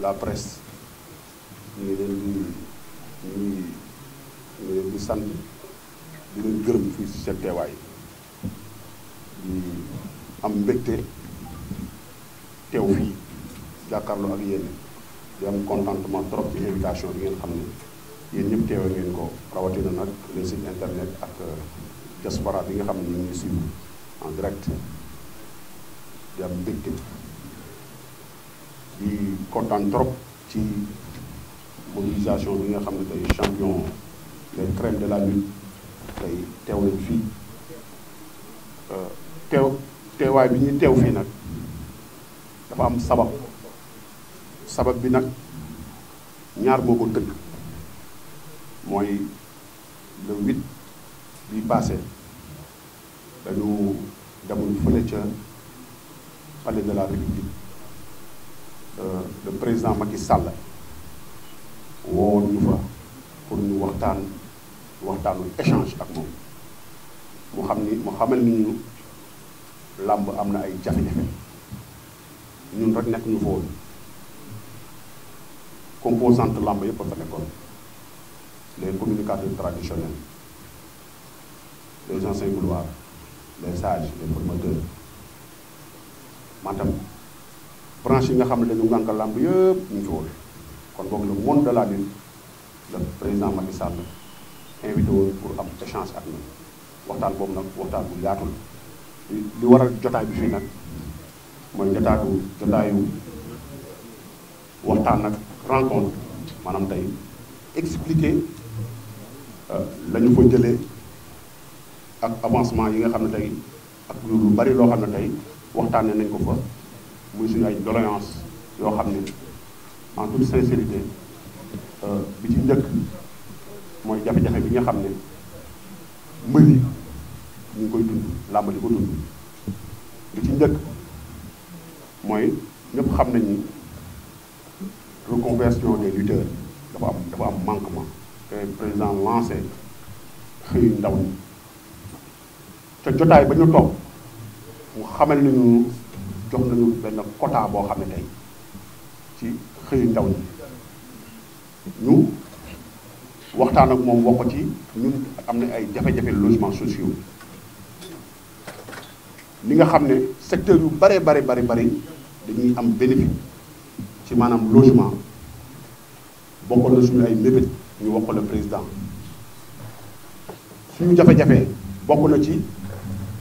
la presse ñu ngi leen di ñu ngi leen di sant di leen gërëm fii ci seen teewaay di am mbégte teew fii jàkkaarloo ak yéen di am contentement trop ci invitation bi ngeen xam ne yéen ñëpp teewee ngeen ko rawatina nag les sites internet ak euh, diaspora bi nga xam ne ñu ngi suivre en direct di am kontaan trop ci mobilisation bi nga xam ne tey champion les crèmes de la lutte tey teew nañ fii euh, teew teewaay bi ñu teew fii nag dafa am sabab sabab bi nag ñaar moo ko tënk mooy le huit bi passé dañu demoon fële ca palais de la république euh, le président Macky Sall woowoon ñu fa pour ñu waxtaan waxtaanu échange ak moom mu xam ni mu xamal ni ñu làmb am na ay jafe-jafe ñun rek nekk ñu fa composante lamb yëpp a fa nekkoon les communicateurs traditionnels les anciens couloirs les sages les promoteurs maanaam branche yi nga xam ne dañu ngànk làmb yëpp ñu ci woon kon boog le monde de la lutte le président Macky Sall invité woon pour am échange ak ñun waxtaan boobu nag waxtaan bu yaatul li waral jotaay bi fii nag mooy jotaatu jotaayu waxtaan ak rencontre maanaam tey expliquer euh, lañu ñu fa jëlee ak avancement yi nga xam ne tey ak lu bari loo xam ne tey waxtaanee nañ ko fa muy suñu ay doléance yoo xam ne en toute sincérité euh, bi ci njëkk mooy jafe-jafe bi nga xam ne mbër ñu ngi koy dund làmb ko dund bi ci njëkk moy ñep xam nañ ni reconversion des lutteurs dafa am dafa am manquement te président lancé xëy ndaw ñi te jotaay ba ñu toog mu xamal nañu jox nañu benn quota boo xam ne tey ci xëy ndaw ñi ñu waxtaan ak moom wax ko ci ñun am na ay jafe-jafe logement sociaux li nga xam ne secteur yu bare bare bare bari dañuy am bénéfice ci maanaam logement bokkoon na suñu ay mébét ñu wax ko le président suñu jafe-jafe bokk na ci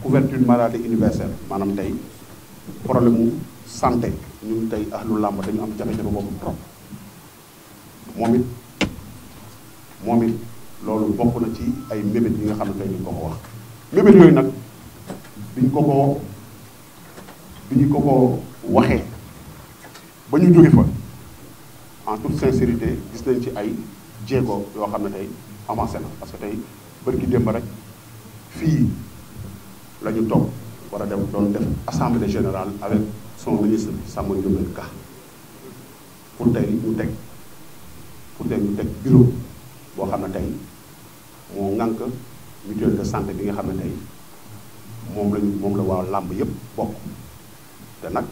couverture maladie universelle maanaam tey problème mu santé ñu tey ahlu làmb dañu am jafe-jafe boobu trop moom it moom it loolu bokk na ci ay mébét yi nga xam ne tey ñu ko ko wax mébét yooyu nag biñ ko ko bi ñu ko ko waxee ba ñu jóge fa en toute sincérité gis nañ ci ay jéego yoo xam ne tey avancé na parce que tey bërki démb rek fii la ñu toog war a dem doon def assemblée générale avec son ministre Samba Ndiobène Ka pour tey ñu teg pour tey ñu teg bureau boo xam ne tey moo ŋànk mutuelle de santé bi nga xam ne tey moom lañu moom la waa làmb yépp bokk te nag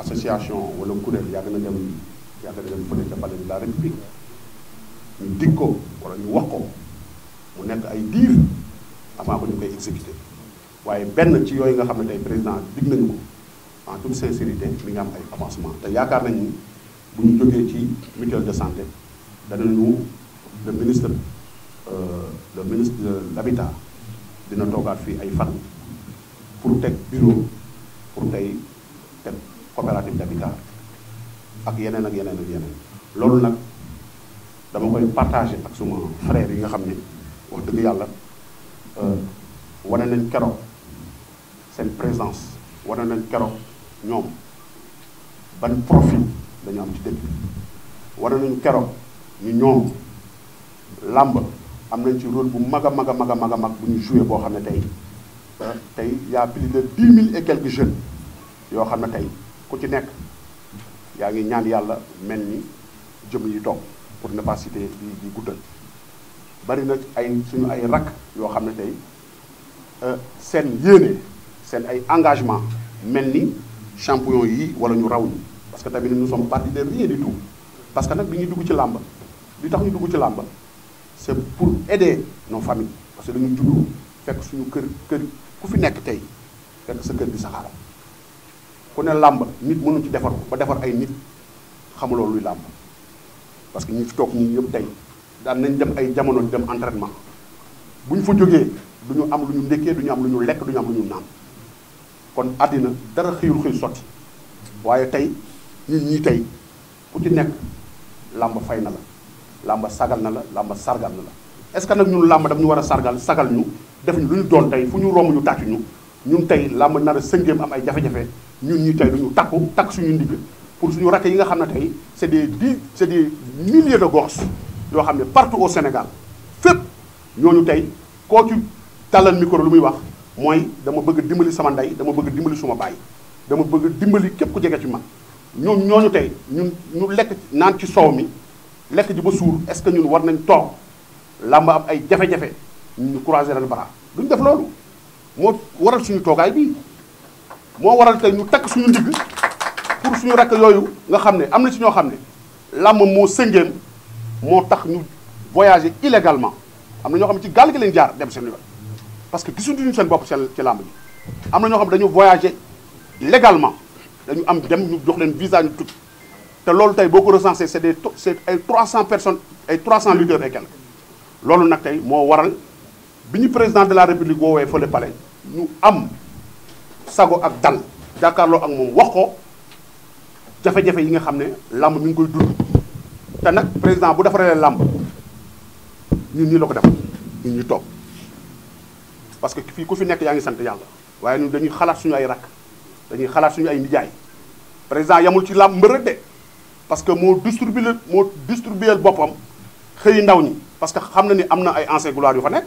association walla kuréel yàgg na dem yàgg na dem fële ca palais de la république ñu dig ko wala ñu wax ko mu nekk ay diir avant que ñu koy exécuter waaye benn ci yooyu nga xam ne président dig nañu ko en toute sincérité mi ngi am ay avancement te yaakaar nañ ni bu ñu jógee ci mutuelle de santé danañu le ministre euh, le ministre de l'habitat dina toogaat fii ay fan pour teg bureau pour tey teg coopérative d'habitat ak yeneen ak yeneen ak yeneen loolu nag dama koy partagé ak suma frère yi nga xam ne wax dëgg yàlla euh, wane nañ keroog seen présence wane nañ keroog ñoom ban profil dañu am ci dëkk wane nañ keroog ñu ñoom làmb am nañ ci rôle bu mag a mag a mag a mag bu ñu joué boo xam ne tey euh, tey y a plus de dix mille et quelques jeunes yoo xam ne tey ku ci nekk yaa ngi ñaan yàlla mel ni jëm yi doom pour ne pas citer di di guddal bari na ay suñu ay rak yoo xam ne tey euh, seen yéene seen ay engagement mel ni champion yi wala ñu raw ñi parce que tamit nous sommes partis de rien du tout parce que nag bi ñuy dugg ci làmb li tax ñu dugg ci làmb c'est pour aider nos familles parce que dañu juddu fekk suñu kër kër ku fi nekk tey fekk sa kër di saxaaram ku ne làmb nit mënu ci defar ko ba defar ay nit xamuloo luy làmb parce que ñi fi toog ñii yëpp tey daan nañ dem ay jamono dem entraînement bu ñu fa jógee du ñu am lu ñu ndékkee du ñu am lu ñu lekk du ñu am lu ñu naan kon àddina dara xëyul xëy sotti waaye tey nit ñii tey ku ci nekk làmb fay na la làmb sagal na la làmb sargal na la est-ce que nag ñun làmb daf ñu war a sargal sagal ñu def ñu lu ñu doon tey fu ñu romb ñu tàcc ñu ñun tay lamb nar a nous am ay jafe-jafe ñun ñi duñu takku pour suñu nous yi nga xam ne c'est des c'est des milliers de gosses yoo partout au Sénégal fépp ñooñu tey koo ci tàllal micro lu muy wax mooy dama bëgg dimbali sama ndey dama bëgg dimbali suma baay dama bëgg dimbali képp ku jege ci man Nous ñooñu tey ñun ñu lekk naan ci soow mi lekk ji ba suur est-ce que ñun war nañ toog lamb am ay jafe-jafe ñu croiser le duñ def waral suñu toogaay bi moo waral tey ñu takk suñu ndig pour suñu sommes yooyu nga xam ne ci ñoo xam ne làmm moo tax ñu voyager illégalement am na xam ci leen dem seen parce que gisuñu seen bopp seen ci làmb ji am na ñoo xam dañu voyager légalement dañu am dem ñu jox leen visa ñu tukki te loolu tey boo ko recensé c'est des ay 300 personnes ay 300 leaders. et quelques loolu nag tey moo waral. bi ñu président de la république woowee fële palais ñu am sago ak dal jàkkaarloo ak moom wax ko jafe-jafe yi nga xam ne làmb mi ngi koy dund te nag président bu defaree làmb ñun ñii la ko defal ñun ñu toog parce que fii ku fi nekk yaa ngi sant yàlla waaye ñun dañuy xalaat suñu ay rakk dañuy xalaat suñu ay nijaay président yamul ci làmb mbër de parce que moo distribué moo distribué boppam xëy ndaw ñi parce que xam na ni am na ay anciens gloires yu fa nekk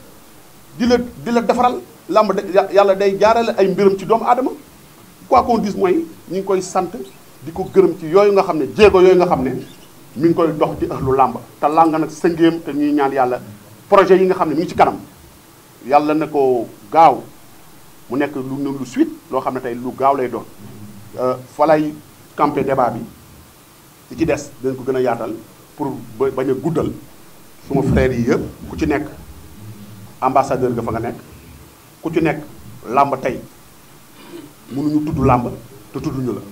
di la di la defaral làmb yàlla day jaarale ay mbiram ci doom aadama quoi qu'on dise mooy ñu ngi koy sant di ko gërëm ci yooyu nga xam ne jéego yooyu nga xam ne mu ngi koy dox di ëxlu làmb te làng nag sëngéem te ñuy ñaan yàlla projet yi nga xam ne mi ngi ci kanam yàlla na ko gaaw mu nekk lu ne lu suite loo xam ne tey lu gaaw lay doon euh, fa lay campé débat bi li ci des dañ ko gën a yaatal pour ba bañ a guddal suma frères yi yëpp ku ci nekk ambassadeur nga fa nga nekk ku ci nekk làmb tey mënuñu tudd làmb te tudduñu la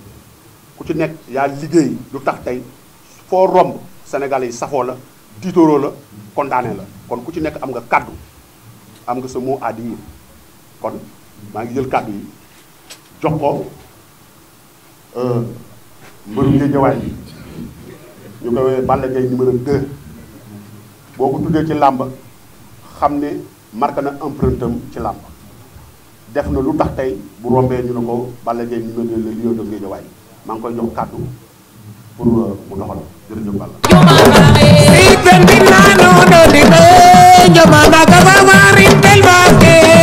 ku ci nekk yaa liggéey lu tax tey foo romb Sénégal yi safoo la tiitooroo la kontaanee la kon ku ci nekk am nga kàddu am nga sa mot à kon maa ngi jël kàddu yi jox ko euh, mbërum Guédiawaye bi ñu koy Balla Gaye numéro 2 boo ko tuddee ci làmb xam ne marqué na empreinte am ci làmb def na lu tax tey bu rombee ñu ne ko Balla Gaye numéro 2 le lion de Guédiawaye maa ngi koy jox kàddu pour euh, mu doxal jërëjëf Balla. si benn bi naan noonu di ko jëmm